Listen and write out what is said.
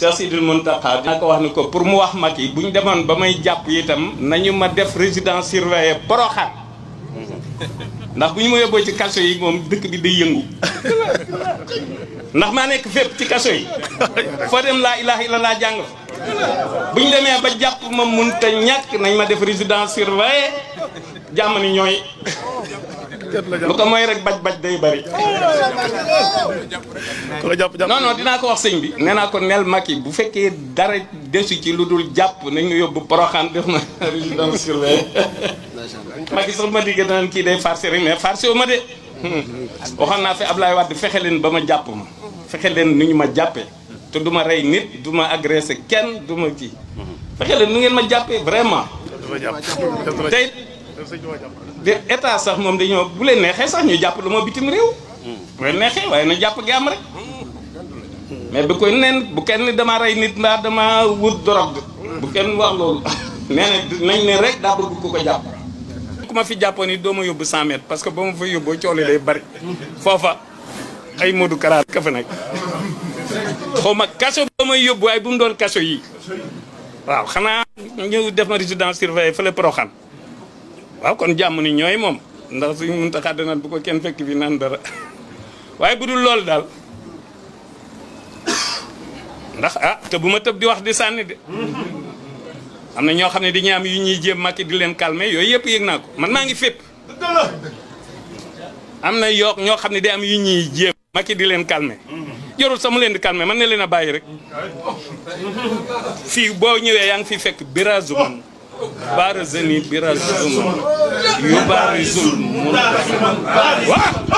cheikh sidil muntaha dina ko wax ni ko pour mu wax mag buñ demone bamay japp jàpp itam nañu ma def résidence surveillée proxa ndax buñ mo yobbo ci kaso yi mom dëkk bi day yëngu ndax ma nek fep ci kaso yi fa dem la ilaha illallah jang buñ demé ba jàpp ma munta ñak nañ ma def résidence surveillée jàmm ni ñooy lu ko mooy rek baj baj day bari non non dinaa ko wax sëñ bi nee naa ko nel Macky bu fekkee dara desu ci lu dul jàpp nañu yóbbu poroxaan def na résidence surveillée Macky sax ma digg kii day farcé rek mais farcé wu ma de waxoon naa fi Ablaye Wade fexe leen ba ma jàpp ma fexe leen nu ñu ma jàppee te du ma rey nit du ma agressé kenn du ma kii mhm. fexe leen nu ngeen ma jàppee vraiment tey de état sax moom dañoo bu leen neexee sax ñu jàpp lu ma bitim réew. bu leen neexee waaye na jàpp gi am rek. mais bu koy nen bu kenn dama rey nit mbaa dama wut drogue. bu kenn wax loolu. nee na nañ ne rek daa bëgg ku ko jàpp. ku fi jàppoon ni doo ma yóbbu 100 parce que boo ma fa yóbboo coow li day bari. foofa ay Modou Kara ka fa nekk. kaso ba yóbbu waaye bu mu doon kaso yi waaw xanaa ñëw def ma résidence surveillée fële Porokhane. waaw kon jamm ni ñoy mom ndax suñu munta xadana bu ko kenn fekk fi nan dara waye bu dul loolu daal ndax ah te buma tepp di wax di sanni de amna ño xamne di ñam yu ñi jëm makki di leen calmer yoy yep yëg ko man maa ngi fépp am na yoo ñoo xam am yu ñi jëm makki di leen calmer jorul sama leen di calmer man ne leena bayyi rek fi bo ñewé yaa fi fekk birazu man بارزني برزم يبارز المنتقم